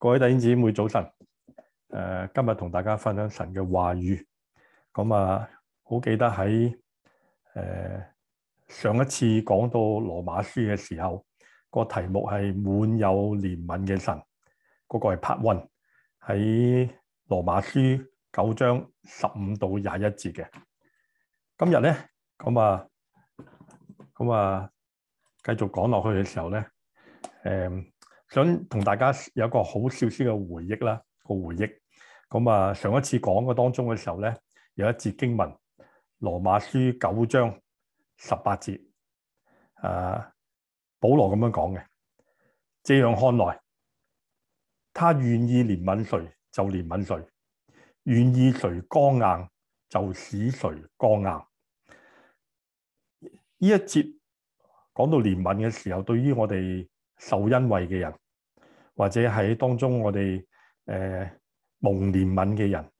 各位弟兄姊妹早晨，誒、呃，今日同大家分享神嘅話語。咁啊，好記得喺誒、呃、上一次講到羅馬書嘅時候，個題目係滿有憐憫嘅神，嗰、那個係 Part One 喺羅馬書九章十五到廿一節嘅。今日咧，咁啊，咁啊，繼續講落去嘅時候咧，誒、呃。想同大家有一個好少少嘅回憶啦，個回憶。咁啊，上一次講嘅當中嘅時候咧，有一節經文，《羅馬書》九章十八節，誒、啊，保羅咁樣講嘅。這樣看來，他願意憐憫誰就憐憫誰，願意誰剛硬就使誰剛硬。呢一節講到憐憫嘅時候，對於我哋。受恩惠嘅人，或者喺當中我哋誒、呃、蒙憐憫嘅人，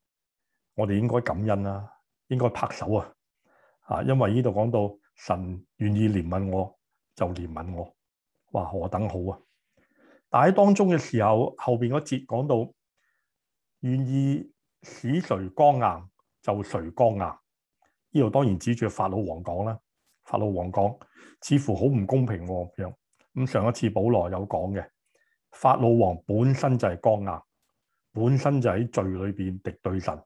我哋應該感恩啦、啊，應該拍手啊！啊，因為呢度講到神願意憐憫我就憐憫我，哇，何等好啊！但喺當中嘅時候，後邊嗰節講到願意使誰剛硬就誰剛硬，呢度當然指住法老王講啦、啊。法老王講似乎好唔公平咁、啊、樣。咁上一次保羅有講嘅，法老王本身就係剛硬，本身就喺罪裏邊敵對神，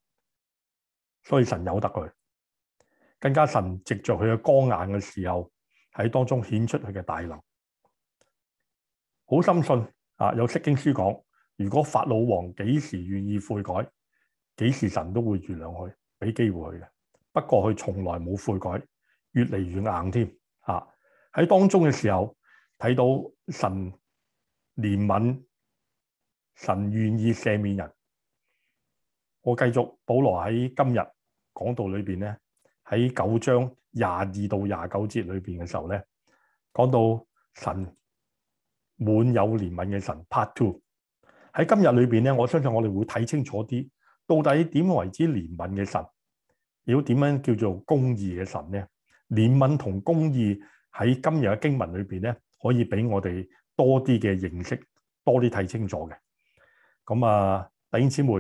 所以神由得佢。更加神藉着佢嘅剛硬嘅時候，喺當中顯出佢嘅大能。好深信啊！有釋經書講，如果法老王幾時願意悔改，幾時神都會原諒佢，俾機會佢嘅。不過佢從來冇悔改，越嚟越硬添啊！喺當中嘅時候。睇到神憐憫，神願意赦免人。我繼續保羅喺今日講道裏邊咧，喺九章廿二到廿九節裏邊嘅時候咧，講到神滿有憐憫嘅神。Part two 喺今日裏邊咧，我相信我哋會睇清楚啲，到底點為之憐憫嘅神，要點樣叫做公義嘅神咧？憐憫同公義喺今日嘅經文裏邊咧。可以俾我哋多啲嘅認識，多啲睇清楚嘅。咁啊，弟兄姊妹，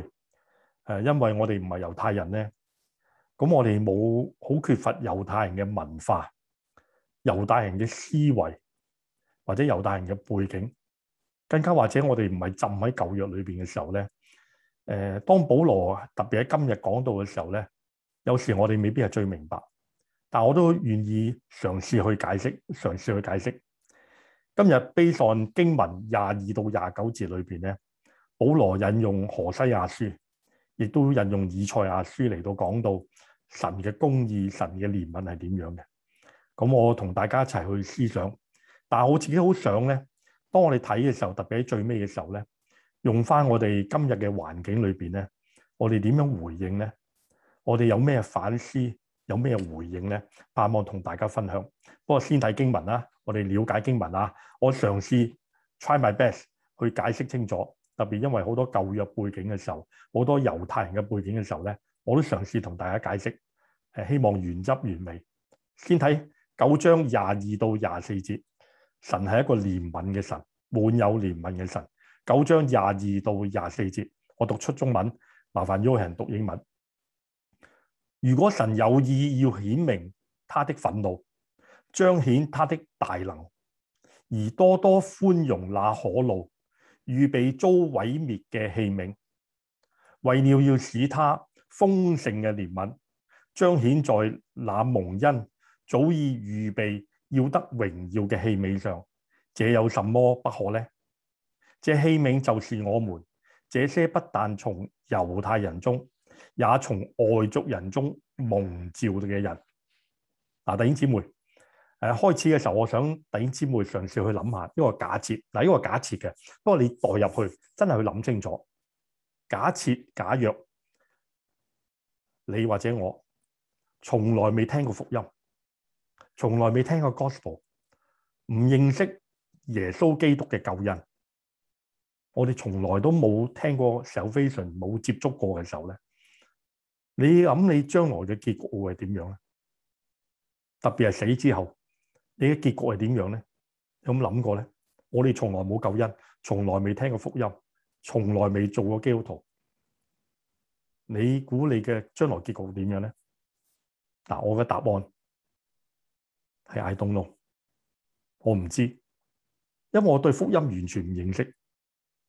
誒，因為我哋唔係猶太人咧，咁我哋冇好缺乏猶太人嘅文化、猶太人嘅思維或者猶太人嘅背景，更加或者我哋唔係浸喺舊約裏邊嘅時候咧，誒、呃，當保羅特別喺今日講到嘅時候咧，有時我哋未必係最明白，但我都願意嘗試去解釋，嘗試去解釋。今日《悲喪經文》廿二到廿九節裏邊咧，保羅引用何西亞書，亦都引用以賽亞書嚟到講到神嘅公義、神嘅憐憫係點樣嘅。咁我同大家一齊去思想，但係我自己好想咧，當我哋睇嘅時候，特別喺最尾嘅時候咧，用返我哋今日嘅環境裏邊咧，我哋點樣回應咧？我哋有咩反思？有咩回應呢？盼望同大家分享。不過先睇經文啦，我哋了解經文啊。我嘗試 try my best 去解釋清楚。特別因為好多舊約背景嘅時候，好多猶太人嘅背景嘅時候呢，我都嘗試同大家解釋。係希望原汁原味。先睇九章廿二到廿四節，神係一個憐憫嘅神，滿有憐憫嘅神。九章廿二到廿四節，我讀出中文，麻煩有人讀英文。如果神有意要顯明他的憤怒，彰顯他的大能，而多多寬容那可怒、預備遭毀滅嘅器皿，為了要使他豐盛嘅憐憫彰顯在那蒙恩、早已預備要得榮耀嘅器皿上，這有什麼不可呢？這器皿就是我們，這些不但從猶太人中。也從外族人中蒙召嘅人。嗱，弟兄姐妹，誒，開始嘅時候，我想，弟兄姐妹嘗試去諗下呢個假設。嗱，呢個假設嘅，不過你代入去，真係去諗清楚。假設假若你或者我從來未聽過福音，從來未聽過 Gospel，唔認識耶穌基督嘅救恩，我哋從來都冇聽過 salvation，冇接觸過嘅時候咧。你諗你將來嘅結果會係點樣咧？特別係死之後，你嘅結果係點樣呢？有冇諗過呢？我哋從來冇救恩，從來未聽過福音，從來未做過基督徒。你估你嘅將來的結果會點樣呢？嗱，我嘅答案，I don't know。我唔知，因為我對福音完全唔認識，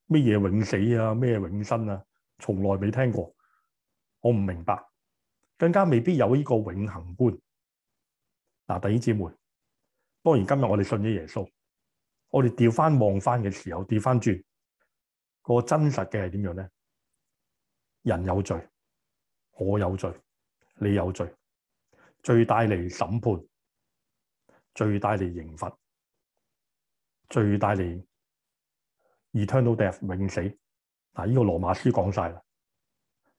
乜嘢永死啊，咩永生啊，從來未聽過。我唔明白，更加未必有呢個永恒觀。嗱、啊，弟兄姊妹，當然今日我哋信咗耶穌，我哋調翻望翻嘅時候，調翻轉個真實嘅係點樣咧？人有罪，我有罪，你有罪，罪帶嚟審判，罪帶嚟刑罰，罪帶嚟 eternal death，永死。嗱，呢、啊這個羅馬書講晒啦。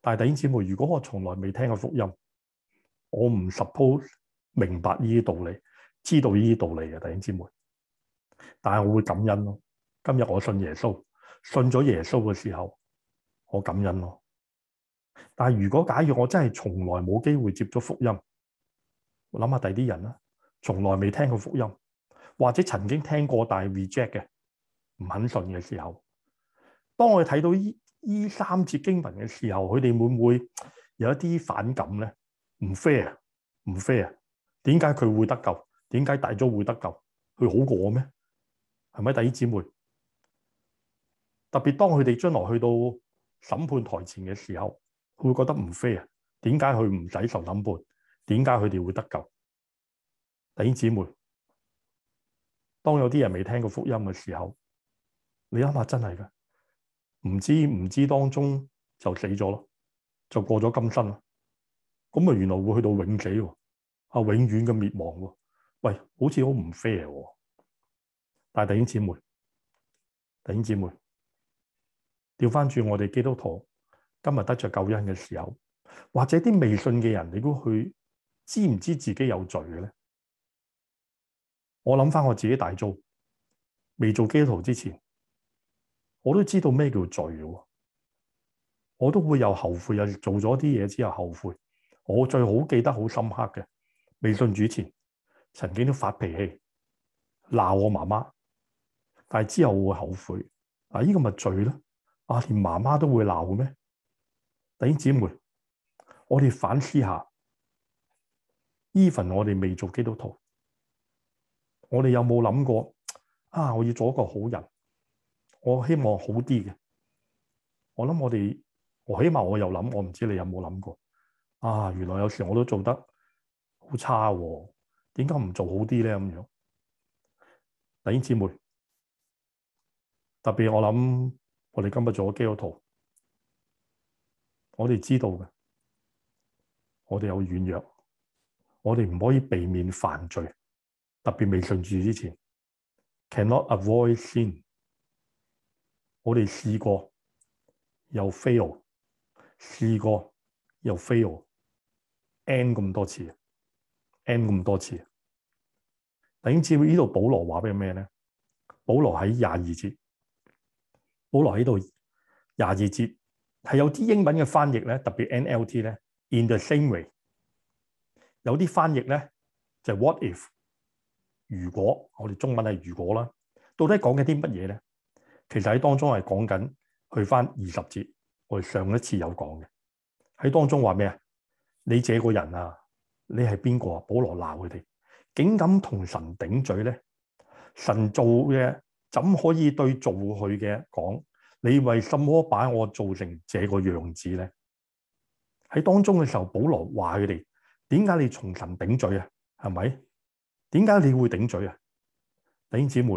但係弟兄姊妹，如果我從來未聽過福音，我唔 suppose 明白呢啲道理，知道呢啲道理嘅弟兄姊妹。但係我會感恩咯。今日我信耶穌，信咗耶穌嘅時候，我感恩咯。但係如果假如我真係從來冇機會接咗福音，我諗下第啲人啦，從來未聽過福音，或者曾經聽過但係 reject 嘅，唔肯信嘅時候，當我睇到呢。呢三節經文嘅時候，佢哋會唔會有一啲反感咧？唔 fair 啊，唔 fair 啊！點解佢會得救？點解大兄會得救？佢好過咩？係咪弟兄姊妹？特別當佢哋將來去到審判台前嘅時候，佢會覺得唔 fair 啊！點解佢唔使受審判？點解佢哋會得救？弟兄姊妹，當有啲人未聽過福音嘅時候，你諗下真係㗎～唔知唔知，當中就死咗咯，就過咗今生咯。咁啊，原來會去到永死喎，啊，永遠嘅滅亡喎、啊。喂，好似好唔 fair 喎。但係弟兄姊妹，弟兄姊妹，調翻轉我哋基督徒今日得着救恩嘅時候，或者啲未信嘅人，你估佢知唔知自己有罪嘅咧？我諗翻我自己大做，未做基督徒之前。我都知道咩叫罪喎，我都會有後悔，有做咗啲嘢之後後悔。我最好記得好深刻嘅，未信主前曾經都發脾氣鬧我媽媽，但係之後我會後悔。啊，依、這個咪罪咯？啊，連媽媽都會鬧嘅咩？弟兄姊妹，我哋反思一下，Even 我哋未做基督徒，我哋有冇諗過啊？我要做一個好人。我希望好啲嘅。我諗我哋，我希望我又諗，我唔知道你有冇諗過啊。原來有時我都做得好差喎，啊，點解唔做好啲呢？咁樣弟兄姊妹，特別我諗我哋今日做咗基督徒，我哋知道嘅，我哋有軟弱，我哋唔可以避免犯罪，特別未信主之前，cannot avoid sin。我哋試過又 fail，試過又 fail，n 咁多次，n 咁多次。等接呢度保羅話俾咩咧？保羅喺廿二節，保羅喺度廿二節係有啲英文嘅翻譯咧，特別 NLT 咧。In the same way，有啲翻譯咧就係 what if？如果我哋中文係如果啦，到底講嘅啲乜嘢咧？其實喺當中係講緊去翻二十節，我哋上一次有講嘅喺當中話咩啊？你這個人啊，你係邊個啊？保羅鬧佢哋，竟敢同神頂嘴咧！神造嘅怎可以對造佢嘅講？你為什麼把我造成這個樣子咧？喺當中嘅時候，保羅話佢哋：點解你從神頂嘴啊？係咪？點解你會頂嘴啊？弟兄姊妹，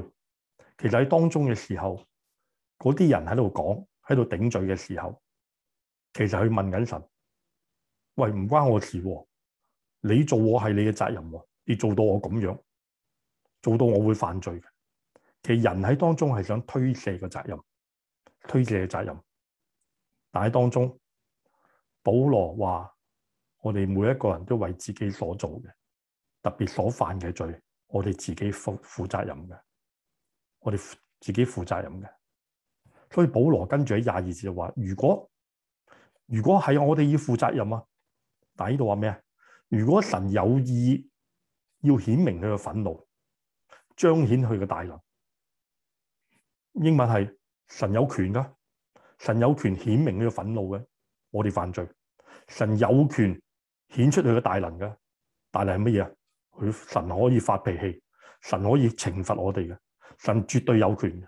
其實喺當中嘅時候。嗰啲人喺度講，喺度頂罪嘅時候，其實佢問緊神：喂，唔關我事，啊，你做我係你嘅責任，啊，你做到我咁樣，做到我會犯罪嘅。其實人喺當中係想推卸個責任，推卸嘅責任。但喺當中，保羅話：我哋每一個人都為自己所做嘅，特別所犯嘅罪，我哋自己負負責任嘅，我哋自己負責任嘅。所以保羅跟住喺廿二節就話：如果如果係我哋要負責任啊，但呢度話咩啊？如果神有意要顯明佢嘅憤怒，彰顯佢嘅大能，英文係神有權噶，神有權顯明佢嘅憤怒嘅。我哋犯罪，神有權顯出佢嘅大能噶。大能係乜嘢啊？佢神可以發脾氣，神可以懲罰我哋嘅，神絕對有權嘅。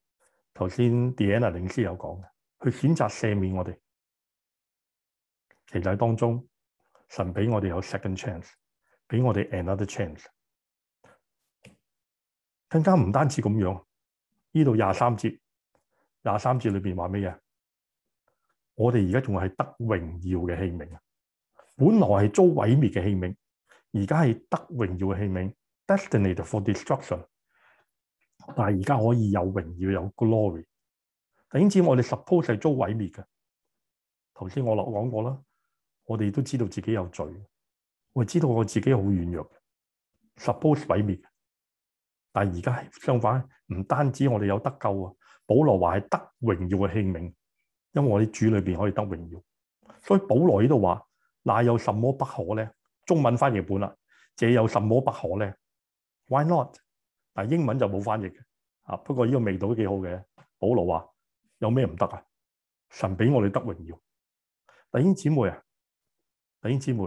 頭先 Diana 領詩有講嘅，佢選擇赦免我哋。奇蹟當中，神俾我哋有 second chance，俾我哋 another chance。更加唔單止咁樣，呢度廿三節，廿三節裏面話咩嘢？我哋而家仲係得榮耀嘅器皿，本來係遭毀滅嘅器皿，而家係得榮耀嘅器皿，destined for destruction。但係而家可以有榮耀有 glory，但止我哋 suppose 係遭毀滅嘅。頭先我落講過啦，我哋都知道自己有罪，我知道我自己好軟弱，suppose 毀滅。但係而家相反，唔單止我哋有得救啊！保羅話係得榮耀嘅器皿，因為我哋主裏邊可以得榮耀。所以保羅呢度話：嗱有什麼不可咧？中文翻譯本啦，這有什麼不可咧？Why not？但英文就冇翻譯嘅，啊！不過呢個味道都幾好嘅。保羅話：有咩唔得啊？神俾我哋得榮耀。弟兄姐妹啊，弟兄姊妹，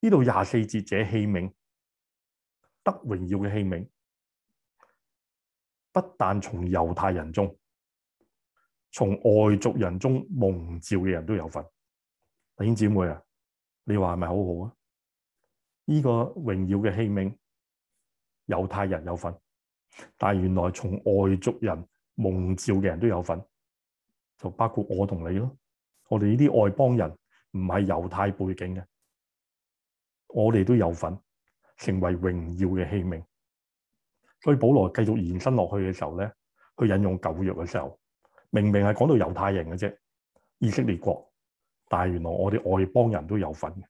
呢度廿四節這器皿得榮耀嘅器皿，不但從猶太人中，從外族人中蒙召嘅人都有份。弟兄姐妹啊，你話係咪好好啊？呢、這個榮耀嘅器皿。猶太人有份，但原來從外族人蒙召嘅人都有份，就包括我同你咯。我哋呢啲外邦人唔係猶太背景嘅，我哋都有份，成為榮耀嘅器皿。所以保羅繼續延伸落去嘅時候呢，去引用舊約嘅時候，明明係講到猶太人嘅啫，以色列國，但原來我哋外邦人都有份嘅。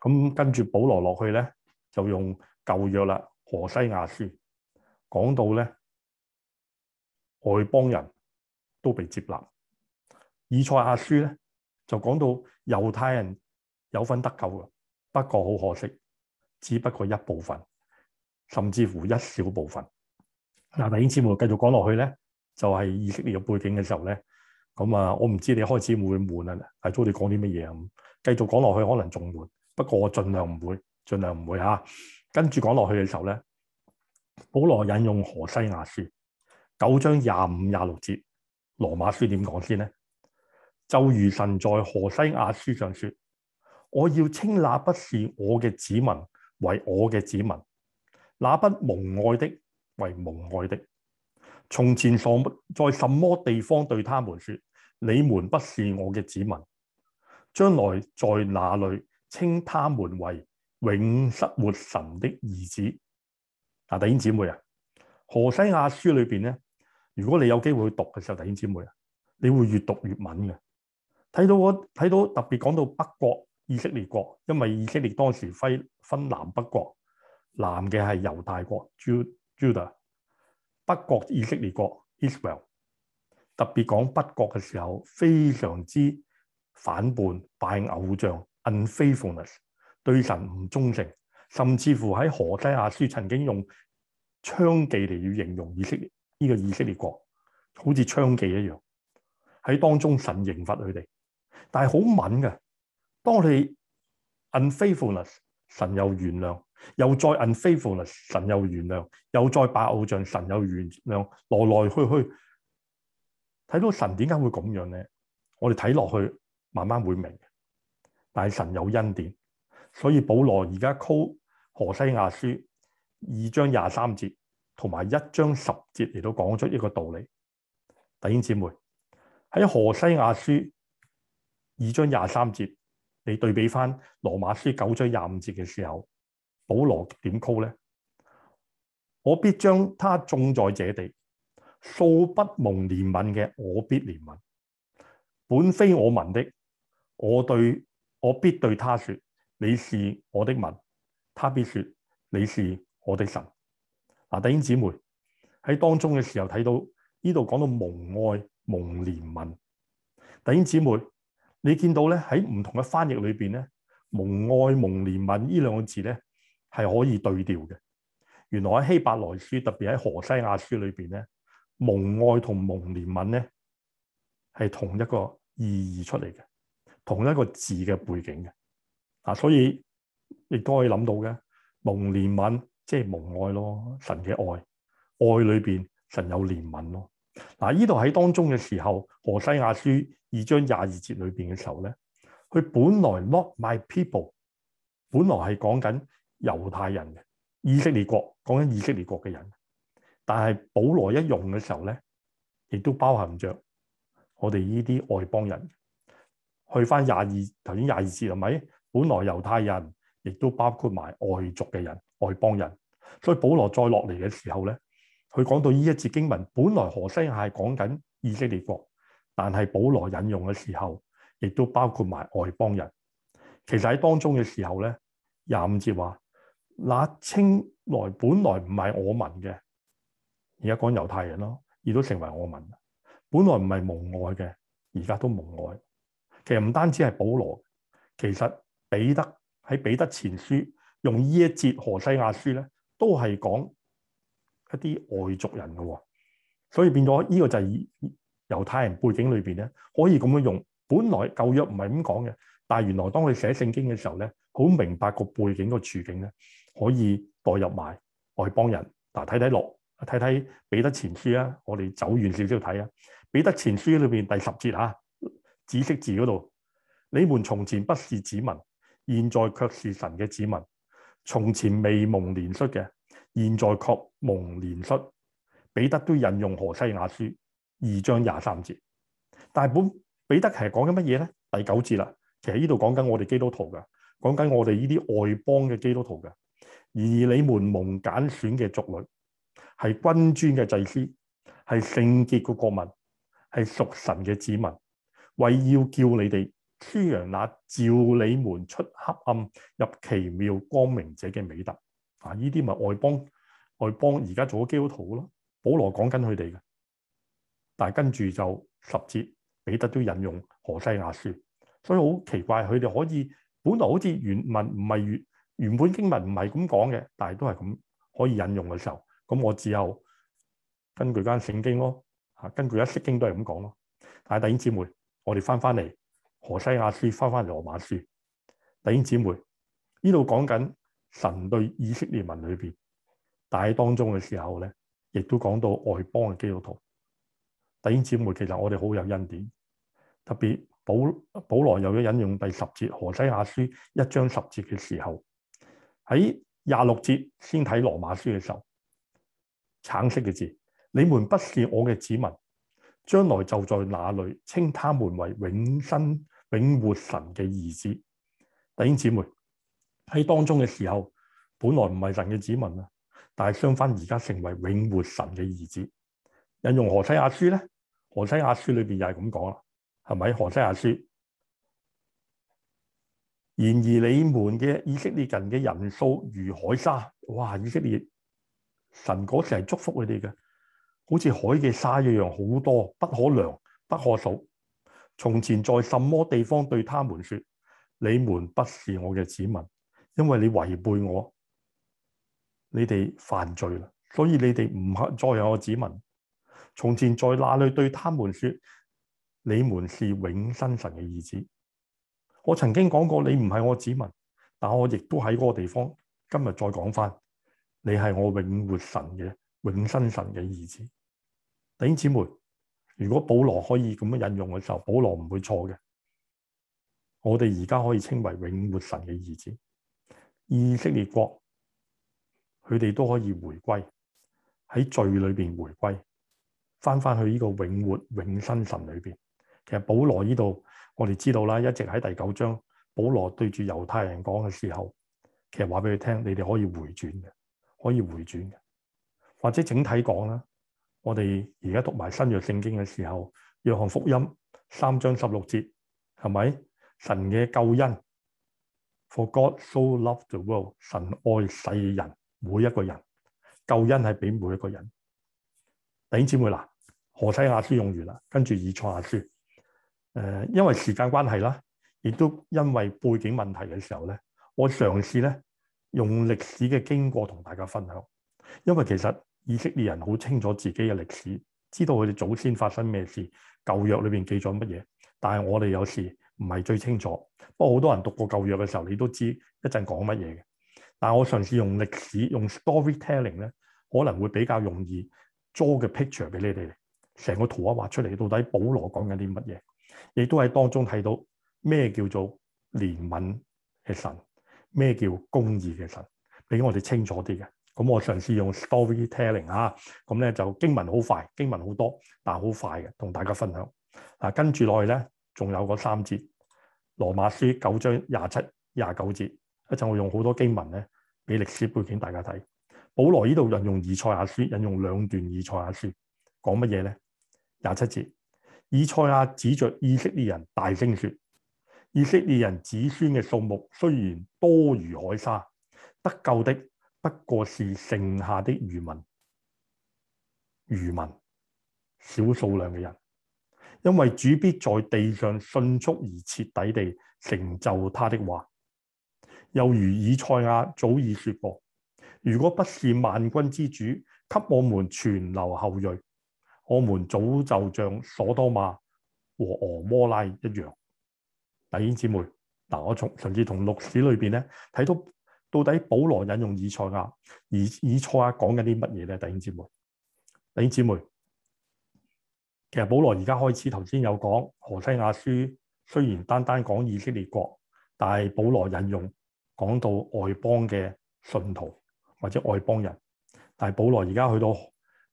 咁跟住保羅落去呢，就用舊約啦。何西亞書講到咧，外邦人都被接納。以賽亞書咧就講到猶太人有份得救嘅，不過好可惜，只不過一部分，甚至乎一小部分。嗱、嗯啊，弟兄姊妹繼續講落去咧，就係、是、以色列嘅背景嘅時候咧，咁、嗯、啊，我唔知你開始會唔會悶啊？係都你講啲乜嘢咁？繼續講落去可能仲悶，不過我盡量唔會，盡量唔會嚇。跟住講落去嘅時候咧，保羅引用何西阿書九章廿五廿六節，羅馬書點講先咧？就如神在何西阿書上說：我要稱那不是我嘅子民為我嘅子民，那不蒙愛的為蒙愛的。從前所在什麼地方對他們說你們不是我嘅子民，將來在哪裏稱他們為？永失活神的兒子，啊弟兄姊妹啊，何西亞書裏邊咧，如果你有機會去讀嘅時候，弟兄姊妹啊，你會越讀越敏嘅。睇到我睇到特別講到北國以色列國，因為以色列當時分分南北國，南嘅係猶大國 Judah，北國以色列國 Israel，特別講北國嘅時候，非常之反叛、拜偶像、unfaithfulness。對神唔忠誠，甚至乎喺《何西阿書》曾經用娼妓嚟要形容以色列呢個以色列國，好似娼妓一樣。喺當中神刑罰佢哋，但係好敏嘅。當你 unfaithfulness，神又原諒，又再 unfaithfulness，神又原諒，又再拜偶像，神又原諒，來來去去。睇到神點解會咁樣咧？我哋睇落去慢慢會明，但係神有恩典。所以保羅而家喺《何西阿書》二章廿三節同埋一章十節嚟到講出一個道理。弟兄姊妹喺《何西阿書》二章廿三節，你對比翻《羅馬書》九章廿五節嘅時候，保羅點講咧？我必將他種在這地，素不蒙憐憫嘅，我必憐憫；本非我民的，我對，我必對他說。你是我的民，他必說你是我的神。嗱，弟兄姊妹喺當中嘅時候睇到呢度講到蒙愛蒙憐憫，弟兄姊妹，你見到咧，喺唔同嘅翻譯裏邊咧，蒙愛蒙憐憫呢兩個字咧係可以對調嘅。原來喺希伯來書，特別喺何西阿書裏邊咧，蒙愛同蒙憐憫咧係同一個意義出嚟嘅，同一個字嘅背景嘅。嗱、啊，所以亦都可以諗到嘅，蒙憐憫，即係蒙愛咯。神嘅愛，愛裏邊神有憐憫咯。嗱、啊，呢度喺當中嘅時候，何西亞書二章廿二節裏邊嘅時候咧，佢本來 not my people，本來係講緊猶太人嘅以色列國，講緊以色列國嘅人，但係保羅一用嘅時候咧，亦都包含着我哋呢啲外邦人。去返廿二頭先廿二節係咪？本來猶太人，亦都包括埋外族嘅人、外邦人。所以保羅再落嚟嘅時候咧，佢講到呢一節經文，本來何西阿係講緊以色列國，但係保羅引用嘅時候，亦都包括埋外邦人。其實喺當中嘅時候咧，廿五節話，嗱，清來本來唔係我民嘅，而家講猶太人咯，亦都成為我民。本來唔係蒙愛嘅，而家都蒙愛。其實唔單止係保羅，其實。彼得喺彼得前書用呢一節何西亞書咧，都係講一啲外族人嘅，哦，所以變咗呢，這個就係猶太人背景裏邊咧，可以咁樣用。本來舊約唔係咁講嘅，但係原來當佢寫聖經嘅時候咧，好明白個背景個處境咧，可以代入埋外邦人。嗱，睇睇落睇睇彼得前書啊，我哋走遠少少睇啊。彼得前書裏邊第十節吓，啊，紫色字嗰度，你們從前不是子民。現在卻是神嘅子民，從前未蒙憐恤嘅，現在確蒙憐恤。彼得都引用何西亞書二章廿三節，但係本彼得其實講緊乜嘢咧？第九節啦，其實呢度講緊我哋基督徒噶，講緊我哋呢啲外邦嘅基督徒嘅，而你們蒙揀選嘅族類，係君尊嘅祭司，係聖潔嘅國民，係屬神嘅子民，為要叫你哋。宣揚那召你們出黑暗入奇妙光明者嘅美德，啊！呢啲咪外邦外邦而家做咗基督徒咯？保羅講緊佢哋嘅，但係跟住就十節彼得都引用何西阿書，所以好奇怪佢哋可以本來好似原文唔係原原本經文唔係咁講嘅，但係都係咁可以引用嘅時候，咁我之後根據間聖經咯，吓、啊、根據一式經都係咁講咯。但係弟兄姊妹，我哋翻翻嚟。何西亞書翻翻羅馬書，弟兄姊妹，呢度講緊神對以色列民裏邊但當中嘅時候咧，亦都講到外邦嘅基督徒。弟兄姊妹，其實我哋好有恩典，特別保保羅又引用第十節何西亞書一章十節嘅時候，喺廿六節先睇羅馬書嘅時候，橙色嘅字，你們不是我嘅子民，將來就在那裏稱他們為永生，永活神嘅兒子，弟兄姊妹喺當中嘅時候，本來唔係神嘅子民啊，但係相反而家成為永活神嘅兒子。引用何西阿書咧，何西阿書裏邊又係咁講啦，係咪？何西阿書，然而你們嘅以色列人嘅人數如海沙，哇！以色列神嗰時係祝福你哋嘅，好似海嘅沙一樣，好多不可量不可數。從前在什麼地方對他們說：你們不是我嘅子民，因為你違背我，你哋犯罪啦，所以你哋唔再有我子民。從前在哪裏對他們說：你們是永生神嘅兒子。我曾經講過你唔係我子民，但我亦都喺嗰個地方，今日再講翻，你係我永活神嘅永生神嘅兒子。弟兄姊妹。如果保羅可以咁樣引用嘅時候，保羅唔會錯嘅。我哋而家可以稱為永活神嘅兒子。以色列國佢哋都可以回歸，喺罪裏面回歸，翻返去呢個永活永生神裏面。其實保羅呢度我哋知道啦，一直喺第九章保羅對住猶太人講嘅時候，其實話俾佢聽，你哋可以回轉嘅，可以回轉嘅，或者整體講啦。我哋而家讀埋新約聖經嘅時候，約翰福音三章十六節，係咪神嘅救恩？For God so loved the world，神愛世人每一個人，救恩係俾每一個人。弟兄姊妹啦，何西阿書用完啦，跟住以賽亞書。誒、呃，因為時間關係啦，亦都因為背景問題嘅時候咧，我嘗試咧用歷史嘅經過同大家分享，因為其實。以色列人好清楚自己嘅歷史，知道佢哋祖先發生咩事，舊約裏邊記咗乜嘢。但係我哋有時唔係最清楚。不過好多人讀過舊約嘅時候，你都知一陣講乜嘢嘅。但係我嘗試用歷史用 storytelling 咧，可能會比較容易 draw 嘅 picture 俾你哋，成個圖畫畫出嚟，到底保羅講緊啲乜嘢，你都喺當中睇到咩叫做憐憫嘅神，咩叫公義嘅神，俾我哋清楚啲嘅。咁我嘗試用 storytelling 嚇、啊，咁咧就經文好快，經文好多，但係好快嘅，同大家分享。嗱、啊，跟住落去咧，仲有個三節《羅馬書》九章廿七、廿九節，一陣我用好多經文咧，俾歷史背景大家睇。保羅呢度引用《以賽亞書》，引用兩段以塞亞《以賽亞書》，講乜嘢咧？廿七節，《以賽亞》指着以色列人大聲説：以色列人子孫嘅數目雖然多如海沙，得救的。不過是剩下的餘民，餘民少數量嘅人，因為主必在地上迅速而徹底地成就他的話。又如以賽亞早已説過：如果不是萬軍之主給我們存留後裔，我們早就像索多瑪和俄摩拉一樣。弟兄姊妹，嗱，我從上次從歷史裏邊咧睇到。到底保羅引用以賽亞，以以賽亞講緊啲乜嘢咧？弟兄姊妹，弟兄姊妹，其實保羅而家開始頭先有講何西阿書，雖然單單講以色列國，但係保羅引用講到外邦嘅信徒或者外邦人，但係保羅而家去到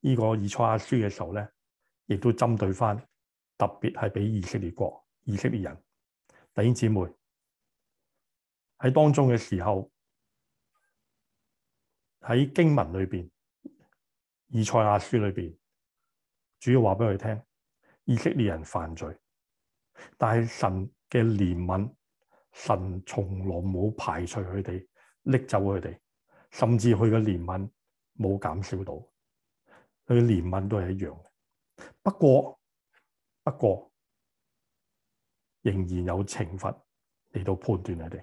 呢個以賽亞書嘅時候咧，亦都針對返，特別係俾以色列國、以色列人，弟兄姊妹喺當中嘅時候。喺經文裏邊，《以賽亞書》裏邊，主要話俾佢聽，以色列人犯罪，但係神嘅憐憫，神從來冇排除佢哋，拎走佢哋，甚至佢嘅憐憫冇減少到，佢嘅憐憫都係一樣嘅。不過，不過，仍然有懲罰嚟到判斷你哋。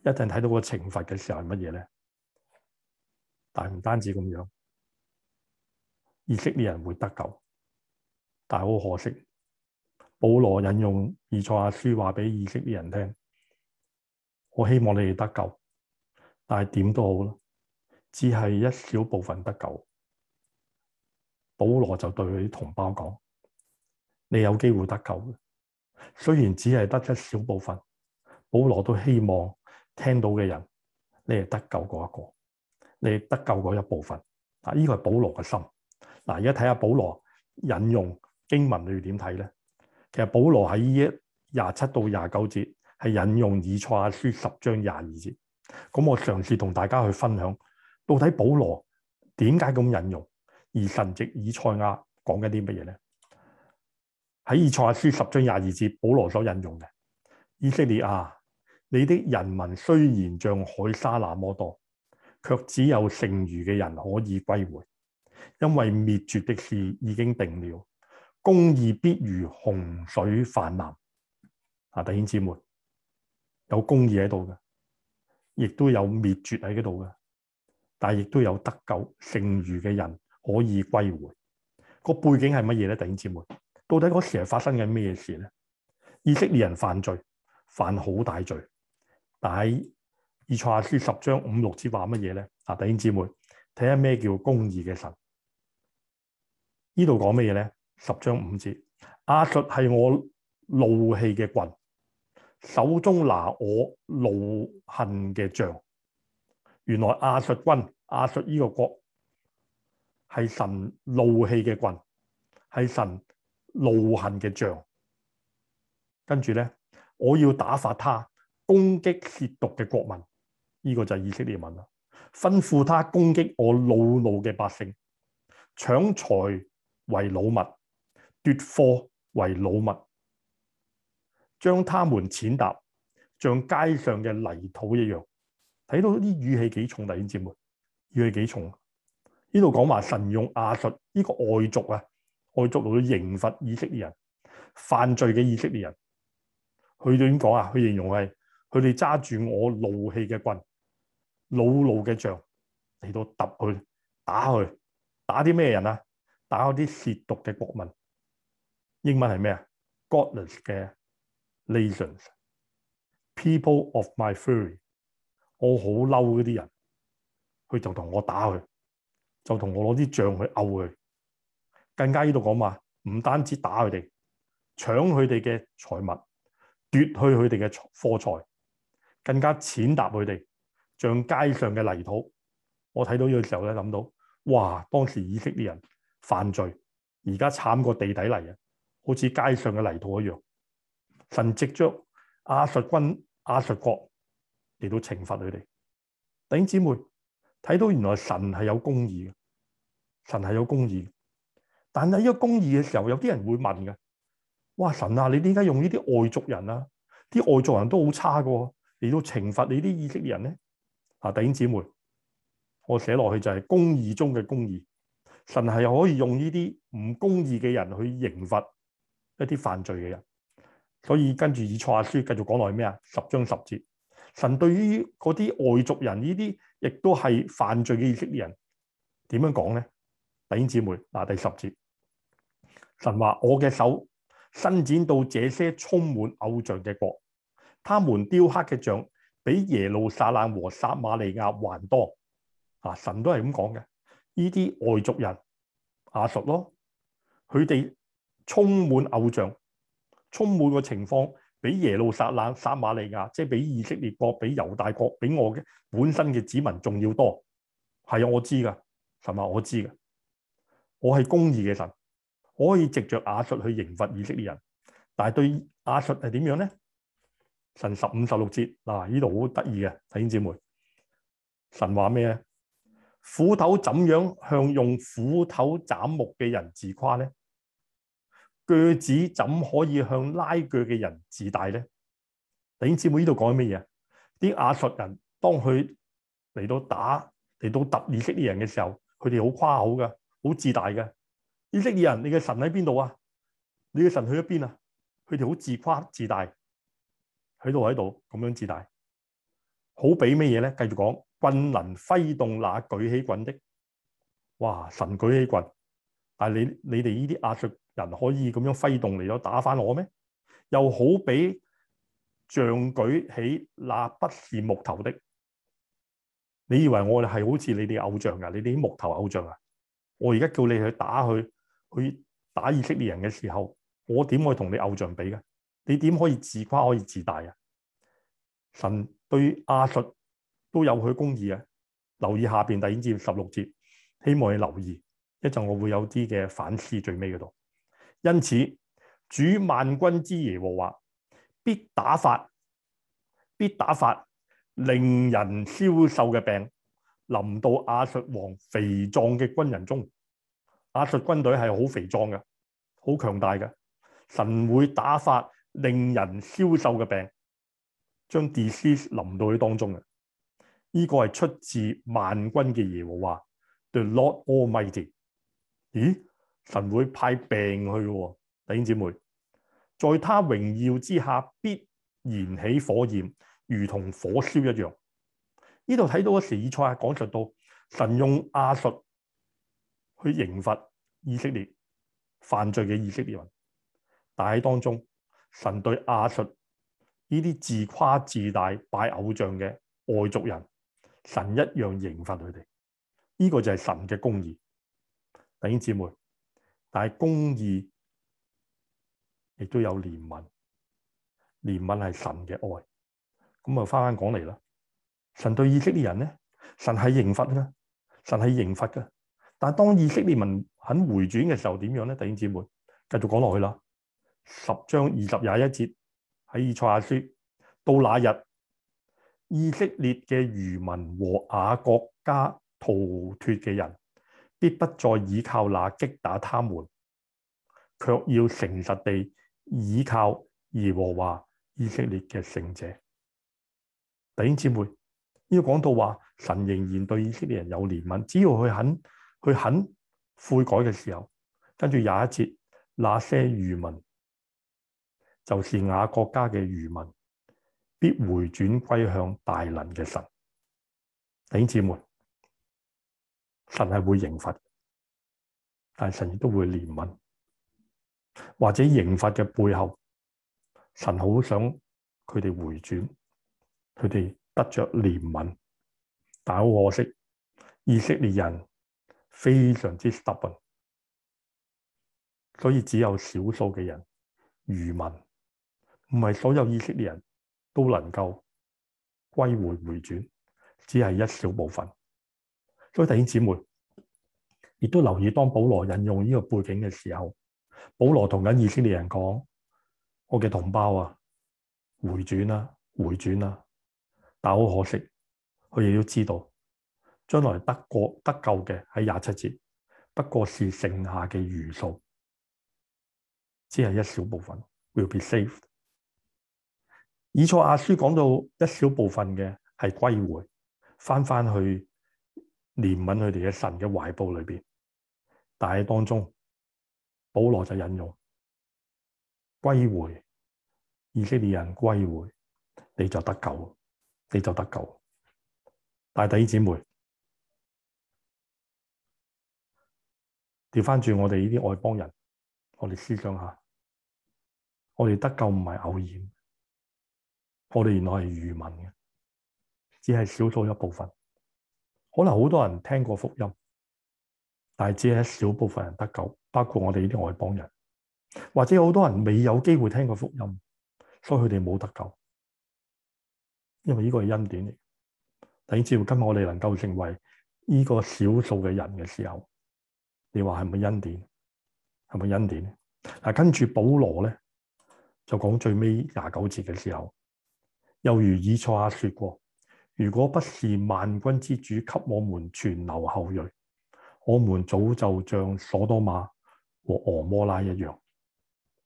一定睇到個懲罰嘅時候係乜嘢呢？但唔單止咁樣，以色列人會得救，但好可惜。保羅引用《以賽亞書》話畀以色列人聽：我希望你哋得救，但係點都好啦，只係一小部分得救。保羅就對佢啲同胞講：你有機會得救嘅，雖然只係得一小部分。保羅都希望聽到嘅人，你係得救嗰一個。你得救嗰一部分，啊！呢、這個係保羅嘅心。嗱、啊，而家睇下保羅引用經文你要點睇咧？其實保羅喺廿七到廿九節係引用以賽亞書十章廿二節。咁我嘗試同大家去分享，到底保羅點解咁引用而神藉以賽亞講緊啲乜嘢咧？喺以賽亞書十章廿二節，保羅所引用嘅以色列啊，你啲人民雖然像海沙那麼多。卻只有剩餘嘅人可以歸回，因為滅絕的事已經定了，公義必如洪水泛濫。啊，弟兄姊妹，有公義喺度嘅，亦都有滅絕喺度嘅，但亦都有得救剩餘嘅人可以歸回。個背景係乜嘢咧？弟兄姊妹，到底嗰時係發生緊咩事咧？以色列人犯罪，犯好大罪，但。以賽亞書十章五六節話乜嘢咧？啊，弟兄姊妹，睇下咩叫公義嘅神？呢度講乜嘢咧？十章五節，亞述係我怒氣嘅棍，手中拿我怒恨嘅杖。原來亞述君，亞述呢個國係神怒氣嘅棍，係神怒恨嘅杖。跟住咧，我要打發他攻擊褻瀆嘅國民。呢個就係以色列民啦，吩咐他攻擊我惱怒嘅百姓，搶財為擄物，奪貨為擄物，將他們踐踏，像街上嘅泥土一樣。睇到啲語氣幾重嚟？啲姊妹語氣幾重？呢度講話神用亞述呢、呢個外族啊，外族嚟到刑罰以色列人犯罪嘅以色列人，佢點講啊？佢形容係佢哋揸住我怒氣嘅棍。老老嘅杖嚟到揼佢打佢打啲咩人啊？打嗰啲褻瀆嘅國民，英文係咩啊？Godless 嘅 nation, people of my fury，我好嬲嗰啲人，佢就同我打佢，就同我攞啲杖去毆佢。更加呢度講話，唔單止打佢哋，搶佢哋嘅財物，奪去佢哋嘅貨財，更加踐踏佢哋。像街上嘅泥土，我睇到呢個時候咧，諗到哇！當時以色列人犯罪，而家慘過地底泥，好似街上嘅泥土一樣。神藉著亞述君、亞述國嚟到懲罰佢哋。弟兄姊妹睇到原來神係有公義嘅，神係有公義的。但係呢個公義嘅時候，有啲人會問嘅：哇！神啊，你點解用呢啲外族人啊？啲外族人都好差嘅，嚟到懲罰你啲以色列人呢？」啊，弟兄姊妹，我寫落去就係公義中嘅公義，神係可以用呢啲唔公義嘅人去刑罰一啲犯罪嘅人，所以跟住以賽亞書繼續講落去咩啊？十章十節，神對於嗰啲外族人呢啲，亦都係犯罪嘅以色列嘅人，點樣講咧？弟兄姊妹，嗱第十節，神話我嘅手伸展到這些充滿偶像嘅國，他們雕刻嘅像。比耶路撒冷和撒瑪利亞還多，啊！神都係咁講嘅。呢啲外族人阿述咯，佢哋充滿偶像，充滿個情況，比耶路撒冷、撒瑪利亞，即係比以色列國、比猶大國、比我嘅本身嘅子民仲要多。係啊，我知噶，神話，我知噶。我係公義嘅神，我可以藉着阿述去刑罰以色列人，但係對阿述係點樣咧？神十五十六節嗱，呢度好得意嘅，弟兄姊妹，神話咩？斧頭怎樣向用斧頭斬木嘅人自誇咧？鋸子怎可以向拉鋸嘅人自大咧？弟兄姊妹，呢度講緊咩嘢？啲亞述人當佢嚟到打，嚟到突以色列人嘅時候，佢哋好誇口噶，好自大嘅。以色列人，你嘅神喺邊度啊？你嘅神去咗邊啊？佢哋好自誇自大。喺度喺度咁樣自大，好比咩嘢咧？繼續講，棍能揮動那舉起棍的，哇！神舉起棍，但係你你哋呢啲亞述人可以咁樣揮動嚟咗打返我咩？又好比杖舉起那不是木頭的，你以為我係好似你哋偶像啊？你哋啲木頭偶像啊！我而家叫你去打佢，去打以色列人嘅時候，我點可以同你偶像比嘅？你點可以自誇可以自大啊？神對亞述都有佢公義啊。留意下邊第二節十六節，希望你留意。一陣我會有啲嘅反思，最尾嗰度。因此，主萬軍之耶和華必打發，必打發令人消瘦嘅病，臨到亞述王肥壯嘅軍人中。亞述軍隊係好肥壯嘅，好強大嘅，神會打發。令人消瘦嘅病，將 disease 淋到佢當中嘅呢、這個係出自萬軍嘅耶和華。The Lord Almighty，咦？神會派病去嘅、哦、弟兄姊妹，在他榮耀之下必燃起火焰，如同火燒一樣。呢度睇到嘅時，以賽亞講述到神用亞述去刑罰以色列犯罪嘅以色列人，但喺當中。神對亞述呢啲自誇自大、拜偶像嘅外族人，神一樣刑罰佢哋。呢、這個就係神嘅公義，弟兄姊妹。但係公義亦都有憐憫，憐憫係神嘅愛。咁啊，翻返講嚟啦。神對以色列人呢？神係刑罰啦，神係刑罰噶。但係當以色列民肯回轉嘅時候，點樣呢？弟兄姊妹，繼續講落去啦。十章二十廿一節，喺以賽亞書，到那日，以色列嘅餘民和亞國家逃脱嘅人，必不再倚靠那擊打他們，却要誠實地倚靠耶和華以色列嘅聖者。弟兄姊妹，呢個講道話神仍然對以色列人有憐憫，只要佢肯，佢肯悔改嘅時候，跟住廿一節，那些餘民，就是雅各家嘅愚民，必回轉歸向大能嘅神。弟兄姊妹，神係會刑罰，但神亦都會憐憫，或者刑罰嘅背後，神好想佢哋回轉，佢哋得着憐憫。但好可惜，以色列人非常之 stubborn，所以只有少數嘅人愚民。唔係所有以色列人都能夠歸回回轉，只係一小部分。所以弟兄姊妹，亦都留意當保羅引用呢個背景嘅時候，保羅同緊以色列人講：我嘅同胞啊，回轉啦、啊，回轉啦、啊！但好可惜，佢哋都知道，將來得過得救嘅喺廿七節，不過是剩下嘅餘數，只係一小部分。Will be safe. 以賽亞書講到一小部分嘅係歸回，返返去憐憫佢哋嘅神嘅懷抱裏面。但係當中保羅就引用歸回，以色列人歸回，你就得救了，你就得救了。大弟姊妹調翻，我哋呢啲外邦人，我哋思想下，我哋得救唔係偶然。我哋原來係愚民嘅，只係少數一部分。可能好多人聽過福音，但是只係一小部分人得救，包括我哋呢啲外邦人，或者好多人未有機會聽過福音，所以佢哋冇得救。因為呢個係恩典嚟。但係知道今日我哋能夠成為呢個少數嘅人嘅時候，你話係咪恩典？係咪恩典？跟住保羅咧就講最尾廿九節嘅時候。又如以賽亞說過，如果不是萬軍之主給我們存留後裔，我們早就像索多瑪和俄摩拉一樣。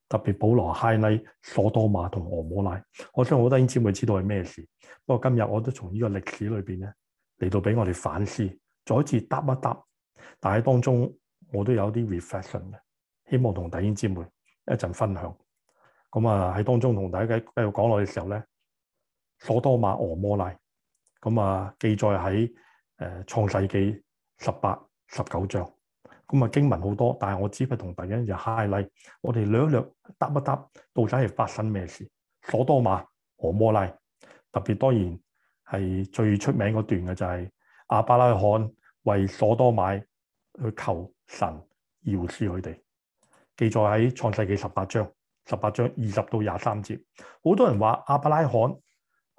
特別保羅、哈利、索多瑪同俄摩拉，我相信好多弟兄姊妹知道係咩事。不過今日我都從呢個歷史裏面咧嚟到俾我哋反思，再一次答一答。但係當中我都有一啲 reflection 嘅，希望同弟兄姊妹一陣分享。咁啊，喺當中同大家繼續講落去嘅時候咧。所多瑪俄摩拉咁啊，記載喺誒《創世記》十八十九章咁啊，經文好多，但係我只不過同大家就 highlight，我哋略略答一答到底係發生咩事。所多瑪俄摩拉特別當然係最出名嗰段嘅就係亞伯拉罕為所多瑪去求神饒恕佢哋，記載喺《創世記》十八章十八章二十到廿三節。好多人話亞伯拉罕。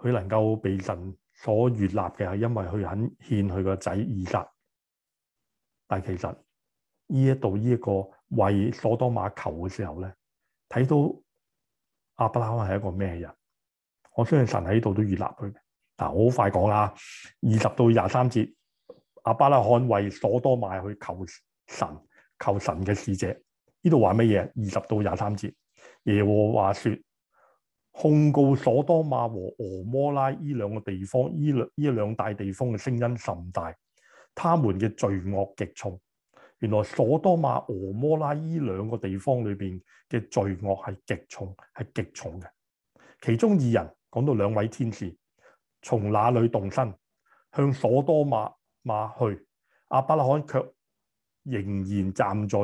佢能夠被神所悦納嘅係因為佢肯獻佢個仔以撒，但其實呢一度呢一個為所多瑪求嘅時候咧，睇到亞伯拉罕係一個咩人？我相信神喺度都悦納佢。嗱，好快講啦，二十到廿三節，亞伯拉罕為所多瑪去求神、求神嘅使者。呢度話乜嘢？二十到廿三節，耶和華說。控告所多瑪和俄摩拉依兩個地方，依兩依兩大地方嘅聲音甚大，他們嘅罪惡極重。原來所多瑪、俄摩拉依兩個地方裏邊嘅罪惡係極重，係極重嘅。其中二人講到兩位天使，從那裏動身向所多瑪瑪去，阿巴拉罕卻仍然站在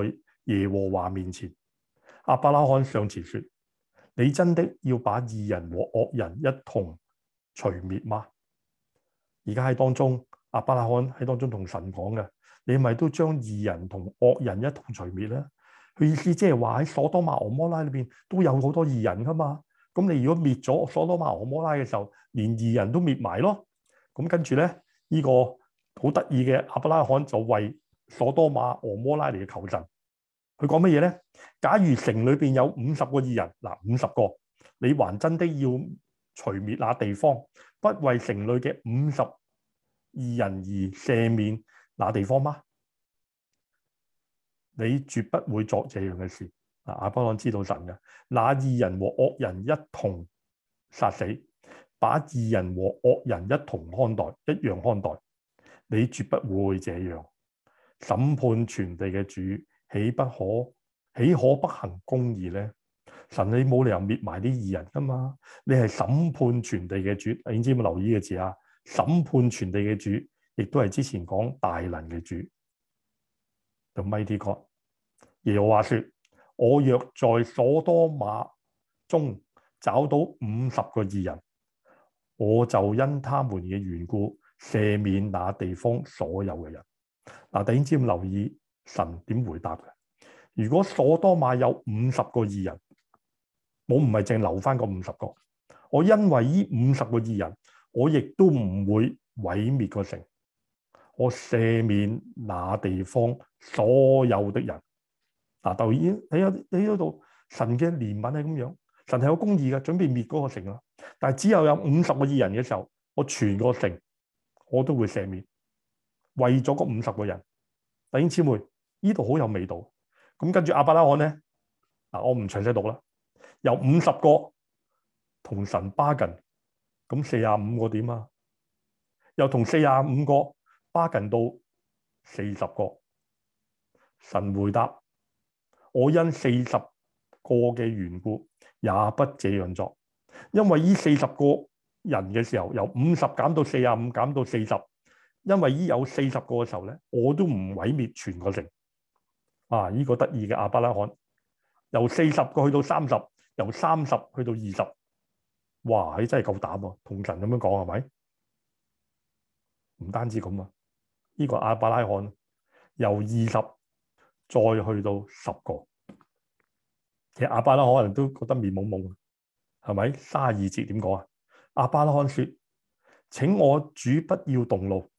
耶和華面前。阿巴拉罕上前說。你真的要把義人和惡人一同除滅嗎？而家喺當中，阿伯拉罕喺當中同神講嘅，你係咪都將義人同惡人一同除滅咧？佢意思即係話喺所多瑪俄摩拉裏邊都有好多義人噶嘛？咁你如果滅咗所多瑪俄摩拉嘅時候，連義人都滅埋咯。咁跟住咧，呢、這個好得意嘅阿伯拉罕就為所多瑪俄摩拉嚟求神。佢講乜嘢呢？假如城裏邊有五十個義人，嗱五十個，你還真的要除滅那地方，不為城裏嘅五十義人而赦免那地方嗎？你絕不會作這樣嘅事。啊、阿亞伯安知道神嘅，那義人和惡人一同殺死，把義人和惡人一同看待，一樣看待，你絕不會這樣。審判全地嘅主。豈不可？豈可不行公義咧？神，你冇理由滅埋啲義人噶嘛？你係審判全地嘅主，你知唔留意個字啊？審判全地嘅主，亦都係之前講大能嘅主。就眯啲角，又話說：我若在所多瑪中找到五十個義人，我就因他們嘅緣故赦免那地方所有嘅人。嗱、嗯，你知唔留意。神點回答嘅？如果所多瑪有五十個義人，我唔係淨留翻個五十個，我因為依五十個義人，我亦都唔會毀滅個城，我赦免那地方所有的人。嗱、啊，導演喺嗰喺嗰度，神嘅憐憫係咁樣，神係有公義嘅，準備滅嗰個城啦。但係只有有五十個義人嘅時候，我全個城我都會赦免，為咗嗰五十個人。弟兄姊妹。呢度好有味道，咁跟住阿伯拉罕咧，嗱，我唔詳細讀啦。由五十個同神巴近，咁四十五個點啊？又同四十五個巴近到四十個，神回答：我因四十個嘅緣故，也不這樣作，因為呢四十個人嘅時候，由五十減到四十五，減到四十。40，因為呢有四十個嘅時候咧，我都唔毀滅全個城。啊！依、這個得意嘅阿巴拉罕，由四十個去到三十，由三十去到二十，哇！你真係夠膽啊，同神咁樣講係咪？唔單止咁啊，呢、這個阿巴拉罕由二十再去到十個，其實阿巴拉罕可能都覺得面懵懵，係咪？三十二節點講啊？阿巴拉罕說：請我主不要動怒，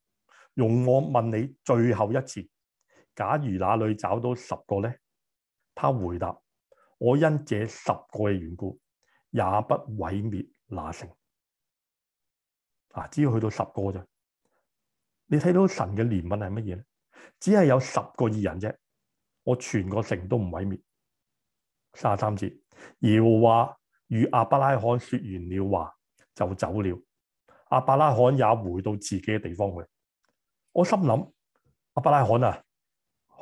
容我問你最後一次。假如哪裏找到十個咧，他回答：我因這十個嘅緣故，也不毀滅那城。啊，只要去到十個咋？你睇到神嘅憐憫係乜嘢咧？只係有十個義人啫，我全個城都唔毀滅。三十三節，耶和華與阿伯拉罕說完了話就走了，阿伯拉罕也回到自己嘅地方去。我心諗，阿伯拉罕啊！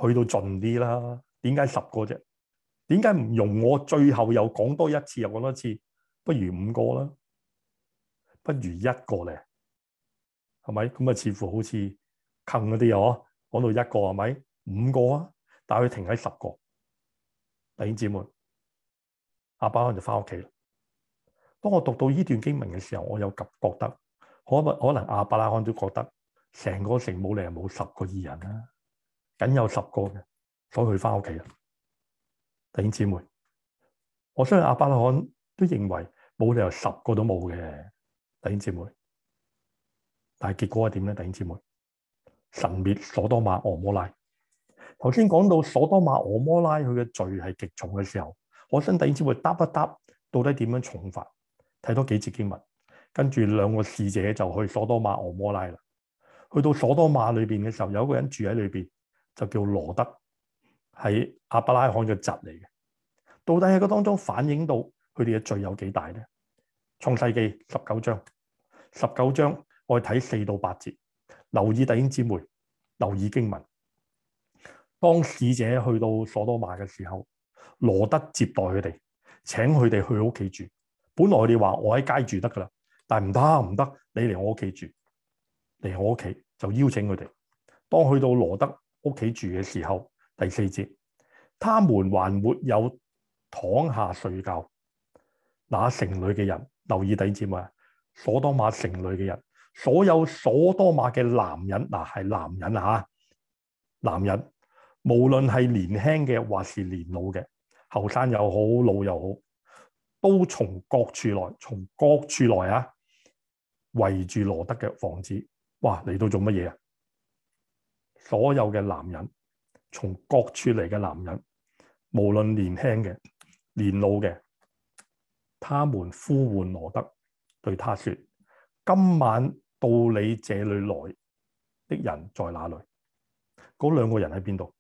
去到盡啲啦？點解十個啫？點解唔容我最後又講多一次又講多一次？不如五個啦，不如一個咧，係咪？咁啊，似乎好似坑嗰啲啊！講到一個係咪？五個啊，但佢停喺十個。弟兄姊妹，亞伯拉罕就翻屋企啦。當我讀到呢段經文嘅時候，我又感覺得，可可能亞伯拉罕都覺得，成個城冇理由冇十個義人啦，啊。僅有十個嘅，所以佢翻屋企啦。弟兄姊妹，我相信阿伯拉罕都認為冇理由十個都冇嘅。弟兄姊妹，但係結果係點咧？弟兄姊妹，神滅所多瑪俄摩拉。頭先講到所多瑪俄摩拉佢嘅罪係極重嘅時候，我想弟兄姊妹答一答，到底點樣重罰？睇多幾次經文，跟住兩個使者就去所多瑪俄摩拉啦。去到所多瑪裏邊嘅時候，有一個人住喺裏邊。就叫羅德，係阿伯拉罕嘅侄嚟嘅。到底喺個當中反映到佢哋嘅罪有幾大呢？創世記十九章，十九章我哋睇四到八節，留意弟兄姊妹，留意經文。當使者去到索多瑪嘅時候，羅德接待佢哋，請佢哋去屋企住。本來你話我喺街住得㗎喇，但唔得唔得，你嚟我屋企住。嚟我屋企就邀請佢哋。當去到羅德。屋企住嘅時候，第四節，他們還沒有躺下睡覺。那城裏嘅人，留意第二節啊，所多瑪城裏嘅人，所有所多瑪嘅男人，嗱係男人啊，男人，無論係年輕嘅或是年老嘅，後生又好，老又好，都從各處來，從各處來啊，圍住羅德嘅房子，哇，嚟到做乜嘢啊？所有嘅男人，從各處嚟嘅男人，無論年輕嘅、年老嘅，他們呼喚羅德，對他說：今晚到你這裏來的人在哪裏？嗰兩個人喺邊度？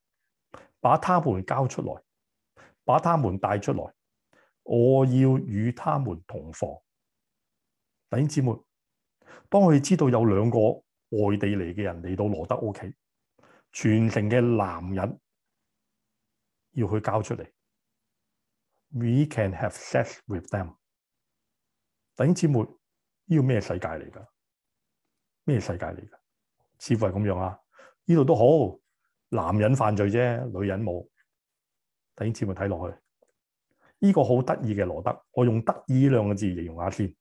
把他們交出來，把他們帶出來，我要與他們同房。弟兄姊妹，當佢知道有兩個外地嚟嘅人嚟到羅德屋企。全城嘅男人要去交出嚟，We can have sex with them。弟兄姊妹，呢個咩世界嚟㗎？咩世界嚟㗎？似乎係咁樣啊？呢度都好，男人犯罪啫，女人冇。弟兄姊妹睇落去，呢、這個好得意嘅羅德，我用得意兩個字形容下先。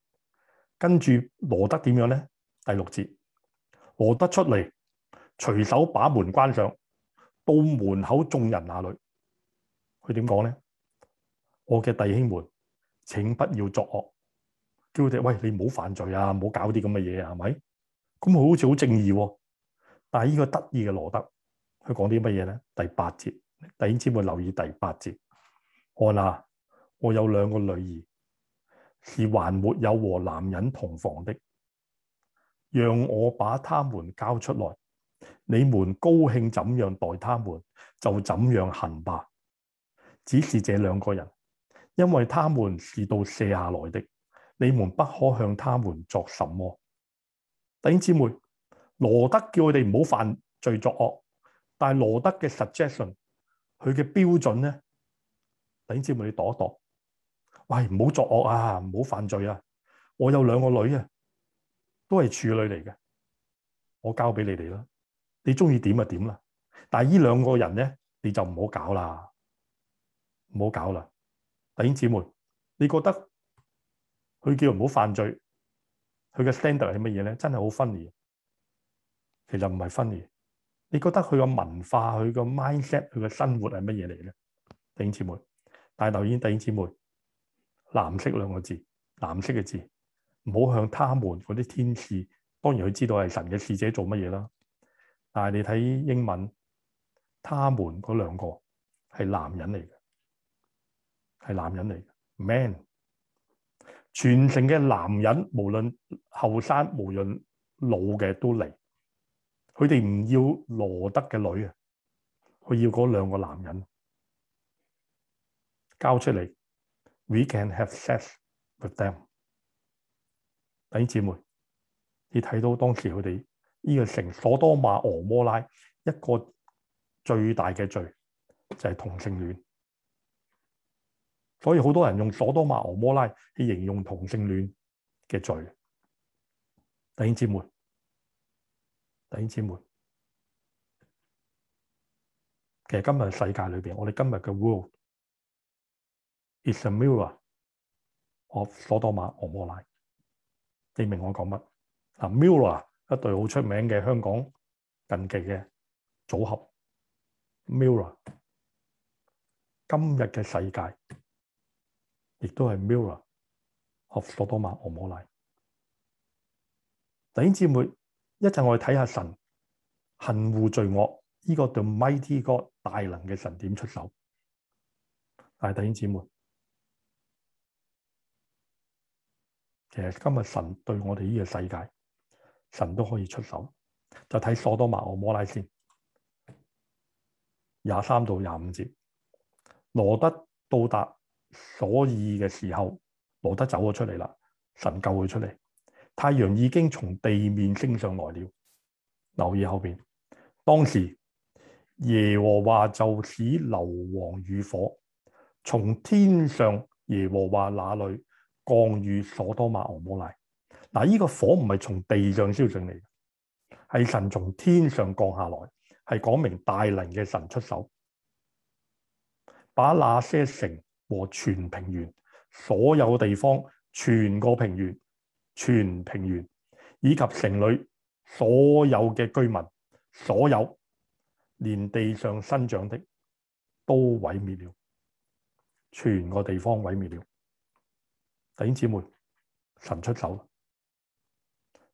跟住羅德點樣呢？第六節，羅德出嚟，隨手把門關上，到門口眾人那裏，佢點講呢？我嘅弟兄們，請不要作惡，叫佢哋喂，你唔好犯罪啊，唔好搞啲咁嘅嘢，係咪？咁佢好似好正義啊，但係呢個得意嘅羅德，佢講啲乜嘢呢？第八節，弟兄姊妹留意第八節。我嗱，我有兩個女兒，是還沒有和男人同房的，讓我把他們交出來。你們高興怎樣待他們就怎樣行吧。只是這兩個人，因為他們是到卸下來的，你們不可向他們作什麼。弟兄姊妹，羅德叫我哋唔好犯罪作惡，但係羅德嘅 suggestion，佢嘅標準呢？弟兄姊妹，你躲一躲，喂，唔好作惡啊，唔好犯罪啊，我有兩個女啊，都係處女嚟嘅，我交俾你哋啦。你中意點就點啦，但係呢兩個人咧，你就唔好搞啦，唔好搞啦。弟兄姊妹，你覺得佢叫唔好犯罪，佢嘅 standard 係乜嘢咧？真係好分裂，其實唔係分裂。你覺得佢個文化、佢個 mindset、佢個生活係乜嘢嚟咧？弟兄姊妹，大頭煙，弟兄姊妹，藍色兩個字，藍色嘅字，唔好向他們啲天使。當然佢知道係神嘅使者做乜嘢啦。但係你睇英文，他們嗰兩個係男人嚟嘅，係男人嚟嘅，man。全城嘅男人，無論後生，無論老嘅都嚟，佢哋唔要羅德嘅女啊，佢要嗰兩個男人交出嚟。We can have sex with them。弟兄姊妹，你睇到當時佢哋。呢個城索多瑪俄摩拉一個最大嘅罪就係同性戀，所以好多人用索多瑪俄摩拉去形容同性戀嘅罪。弟兄姊妹，弟兄姊妹，其實今日世界裏邊，我哋今日嘅 world is a mirror of 索多瑪俄摩拉。你明我講乜？嗱，mirror。一隊好出名嘅香港禁忌嘅組合 Mirror 今日嘅世界亦都係 Mirror 和索多瑪蛾摩拉。弟兄姐妹，一陣我哋睇下神恨護罪惡，呢、這個對 mighty God 大能嘅神點出手？啊，弟兄姐妹，其實今日神對我哋呢個世界。神都可以出手，就睇所多瑪俄摩拉先，廿三到廿五節，羅得到達所義嘅時候，羅得走咗出嚟啦，神救佢出嚟，太陽已經從地面升上來了，留意後邊，當時耶和華就使硫磺與火從天上耶和華那裏降於所多瑪俄摩拉。但依個火唔係從地上燒上嚟，係神從天上降下來，係講明大能嘅神出手，把那些城和全平原所有地方，全個平原、全平原以及城裏所有嘅居民，所有連地上生長的都毀滅了，全個地方毀滅了。弟兄姊妹，神出手。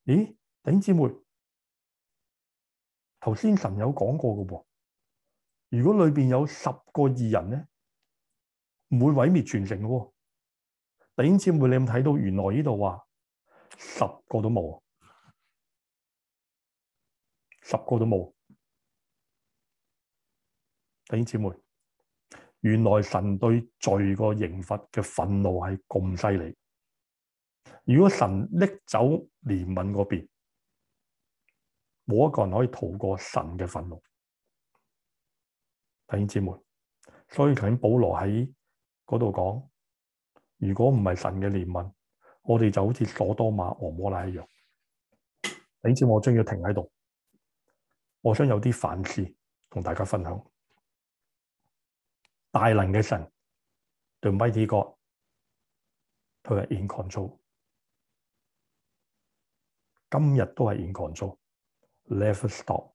咦，弟兄姊妹，頭先神有講過噶噃，如果裏邊有十個義人咧，唔會毀滅全城噶喎。弟兄姊妹，你有冇睇到？原來呢度話十個都冇，啊，十個都冇。弟兄姊妹，原來神對罪個刑罰嘅憤怒係咁犀利。如果神搦走憐憫嗰邊，冇一個人可以逃過神嘅憤怒，弟兄姊妹。所以頭先保羅喺嗰度講：如果唔係神嘅憐憫，我哋就好似所多瑪和蛾摩拉一樣。弟兄姊妹，我將要停喺度，我想有啲反思同大家分享。大能嘅神，The mighty God, 佢係 in control。今日都係英國做 level stop。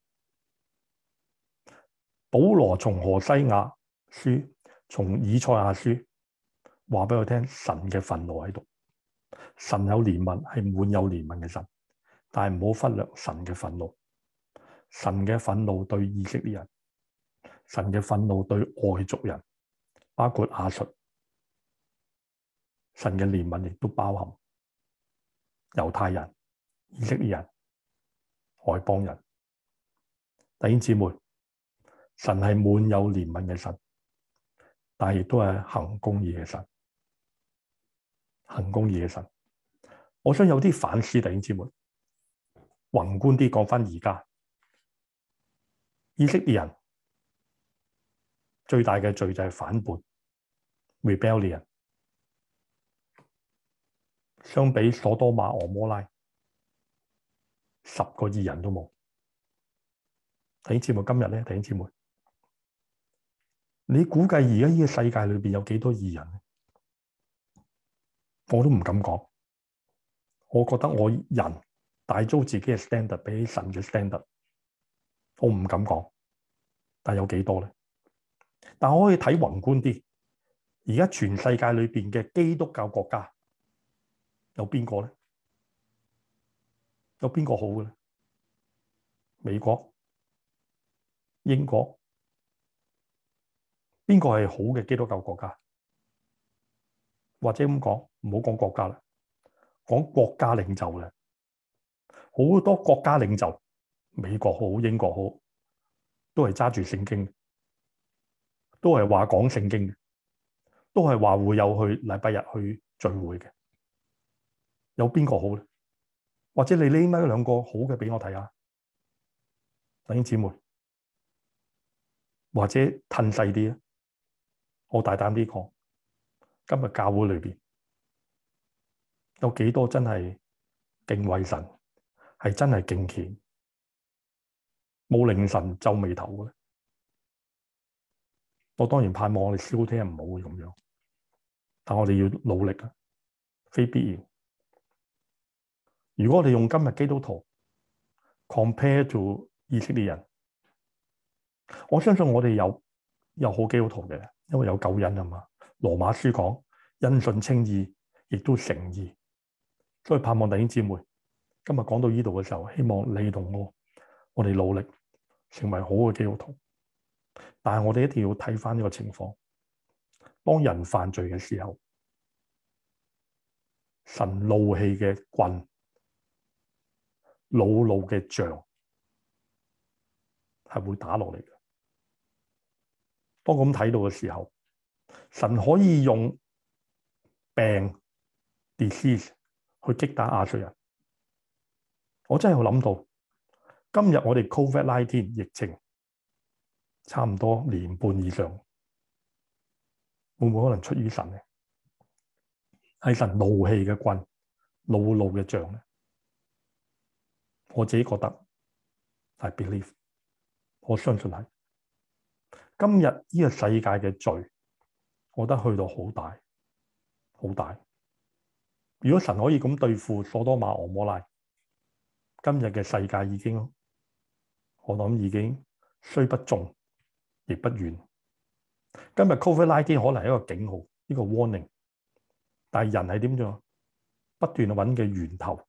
保羅從何西亞書，從以賽亞書，話畀我聽神嘅憤怒喺度，神有憐憫，係滿有憐憫嘅神，但係唔好忽略神嘅憤怒，神嘅憤怒對以色列人，神嘅憤怒對外族人，包括亞述，神嘅憐憫亦都包含猶太人。以色列人外邦人弟兄姊妹，神係滿有憐憫嘅神，但亦都係行公義嘅神，行公義嘅神。我想有啲反思，弟兄姊妹，宏觀啲講翻而家，以色列人最大嘅罪就係反叛，rebellion，相比所多瑪、俄摩拉。十個義人都冇。弟兄姊妹，今日咧，弟兄姊妹，你估計而家呢個世界裏邊有幾多義人咧？我都唔敢講。我覺得我人大都自己嘅 standard 比起神嘅 standard，我唔敢講。但有幾多咧？但我可以睇宏觀啲。而家全世界裏邊嘅基督教國家有邊個咧？有邊個好嘅呢？美國、英國，邊個係好嘅基督教國家？或者咁講，唔好講國家啦，講國家領袖啦。好多國家領袖，美國好，英國好，都係揸住聖經，都係話講聖經，都係話會有去禮拜日去聚會嘅。有邊個好呢？或者你拎埋一兩個好嘅畀我睇下，弟兄姊妹，或者褪細啲，我大膽啲講，今日教會裏邊有幾多真係敬畏神，係真係敬虔，冇令神皺眉頭嘅咧？我當然盼望我哋少唔好冇咁樣，但我哋要努力啊，非必要。如果我哋用今日基督徒 compare 做以色列人，我相信我哋有有好基督徒嘅，因為有救恩啊嘛。羅馬書講因信稱義，亦都成義。所以盼望弟兄姊妹今日講到呢度嘅時候，希望你同我我哋努力成為好嘅基督徒。但係我哋一定要睇翻呢個情況，當人犯罪嘅時候，神怒氣嘅棍。惱怒嘅杖係會打落嚟嘅。當咁睇到嘅時候，神可以用病 disease 去擊打亞述人。我真係諗到，今日我哋 COVID-19 疫情差唔多年半以上，會唔會可能出於神咧？係神怒氣嘅棍，惱怒嘅杖咧？我自己覺得，I believe，我相信係今日呢個世界嘅罪，我覺得去到好大，好大。如果神可以咁對付所多瑪俄摩拉，今日嘅世界已經，我諗已經雖不中，亦不遠。今日 Covid nineteen 可能是一個警號，一個 warning，但係人係點做？不斷揾嘅源頭，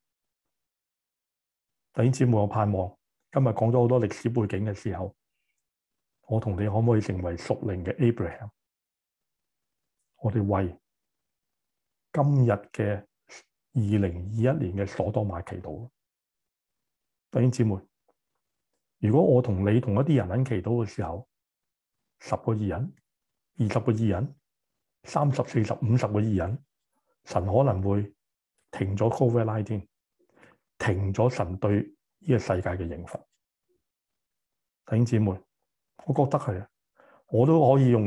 弟兄姊妹，我盼望今日講咗好多歷史背景嘅時候，我同你可唔可以成為屬靈嘅 Abraham？我哋為今日嘅二零二一年嘅所多瑪祈禱。弟兄姊妹，如果我同你同一啲人喺祈禱嘅時候，十個義人，二十個義人，三十、四十、五十個義人，神可能會停咗 COVID-19 停咗神對呢個世界嘅懲罰，弟兄姐妹，我覺得係啊，我都可以用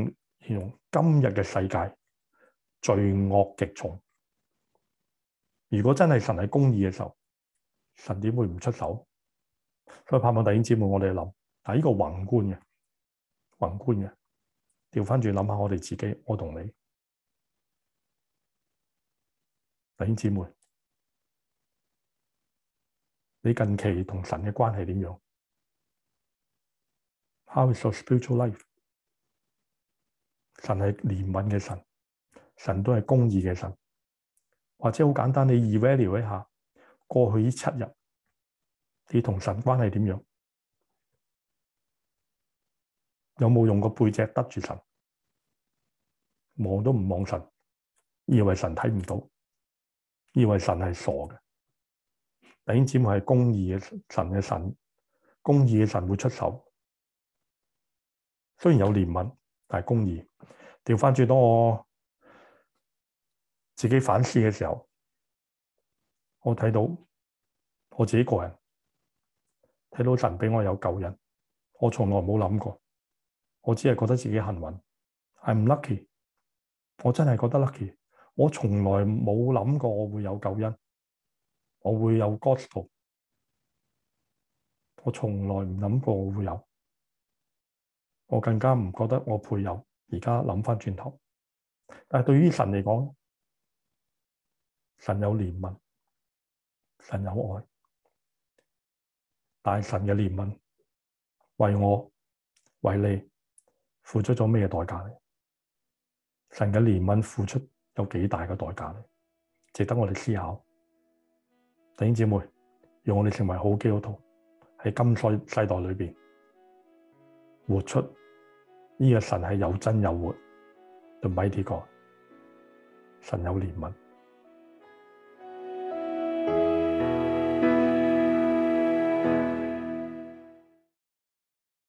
用今日嘅世界罪惡極重，如果真係神喺公義嘅時候，神點會唔出手？所以盼望弟兄姐妹，我哋諗，但係呢個宏觀嘅，宏觀嘅，調翻轉諗下我哋自己，我同你，弟兄姐妹。你近期同神嘅關係點樣？How is your spiritual life？神係憐憫嘅神，神都係公義嘅神。或者好簡單，你 evaluate 一下過去呢七日，你同神關係點樣？有冇用個背脊得住神？望都唔望神，以為神睇唔到，以為神係傻嘅。弟兄姊妹係公義嘅神嘅神，公義嘅神會出手。雖然有憐憫，但係公義。調翻轉當我自己反思嘅時候，我睇到我自己個人睇到神俾我有救恩，我從來冇諗過，我只係覺得自己幸運，係唔 lucky。我真係覺得 lucky。我從來冇諗過我會有救恩。我會有 Gospel，我從來唔諗過我會有，我更加唔覺得我配有。而家諗翻轉頭，但係對於神嚟講，神有憐憫，神有愛，但係神嘅憐憫為我為你付出咗咩代價咧？神嘅憐憫付出有幾大嘅代價咧？值得我哋思考。弟兄姐妹，讓我哋成為好基督徒，喺今世，世代裏面活出呢、這個神係有真有活，就唔係呢個神有憐憫。